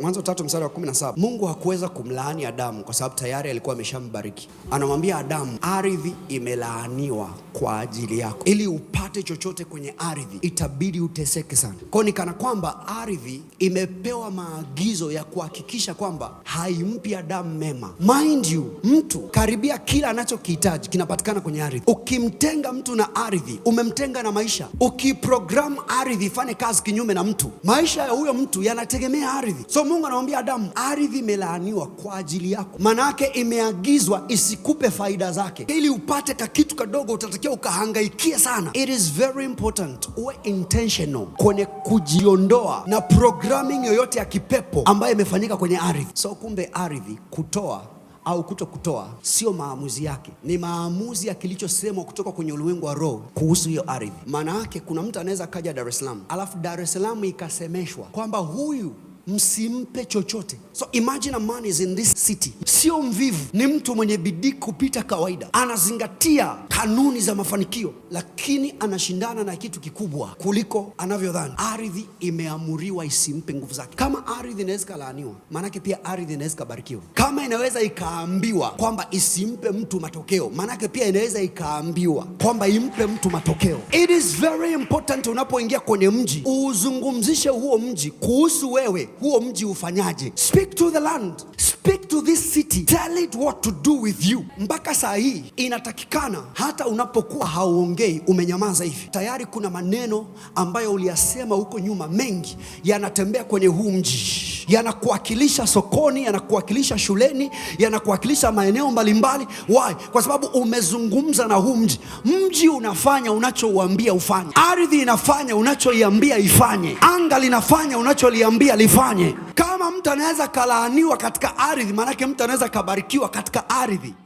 Mwanzo tatu mstari wa saba Mungu hakuweza kumlaani Adamu kwa sababu tayari alikuwa ameshambariki. Anamwambia Adamu, ardhi imelaaniwa kwa ajili yako, ili upate chochote kwenye ardhi itabidi uteseke sana. Kwao ni kana kwamba ardhi imepewa maagizo ya kuhakikisha kwamba haimpi Adamu mema. Mind you, mtu karibia kila anachokihitaji kinapatikana kwenye ardhi. Ukimtenga mtu na ardhi, umemtenga na maisha. Ukiprogram ardhi ifanye kazi kinyume na mtu, maisha ya huyo mtu yanategemea ardhi so, Mungu anamwambia Adamu, ardhi imelaaniwa kwa ajili yako, maanake imeagizwa isikupe faida zake. Ili upate ka kitu kadogo, utatakiwa ukahangaikia sana. It is very important uwe intentional kwenye kujiondoa na programming yoyote ya kipepo ambayo imefanyika kwenye ardhi. So kumbe ardhi kutoa au kuto kutoa sio maamuzi yake, ni maamuzi ya kilichosemwa kutoka kwenye ulimwengu wa roho kuhusu hiyo ardhi. Maana yake kuna mtu anaweza kaja Dar es Salaam alafu Dar es Salaam ikasemeshwa kwamba huyu msimpe chochote. So imagine a man is in this city, sio mvivu, ni mtu mwenye bidii kupita kawaida, anazingatia kanuni za mafanikio, lakini anashindana na kitu kikubwa kuliko anavyodhani. Ardhi imeamuriwa isimpe nguvu zake. Kama ardhi inaweza ikalaaniwa, maanake pia ardhi inaweza ikabarikiwa. Kama inaweza ikaambiwa kwamba isimpe mtu matokeo, maanake pia inaweza ikaambiwa kwamba impe mtu matokeo. It is very important unapoingia kwenye mji uuzungumzishe huo mji kuhusu wewe huo mji ufanyaje. Speak to the land, speak to this city, tell it what to do with you. Mpaka saa hii inatakikana hata unapokuwa hauongei, umenyamaza hivi, tayari kuna maneno ambayo uliyasema huko nyuma, mengi yanatembea kwenye huu mji yanakuwakilisha sokoni, yanakuwakilisha shuleni, yanakuwakilisha maeneo mbalimbali. Why? Kwa sababu umezungumza na huu mji. Mji unafanya unachouambia ufanye, ardhi inafanya unachoiambia ifanye, anga linafanya unacholiambia lifanye. Kama mtu anaweza kalaaniwa katika ardhi, maanake mtu anaweza kabarikiwa katika ardhi.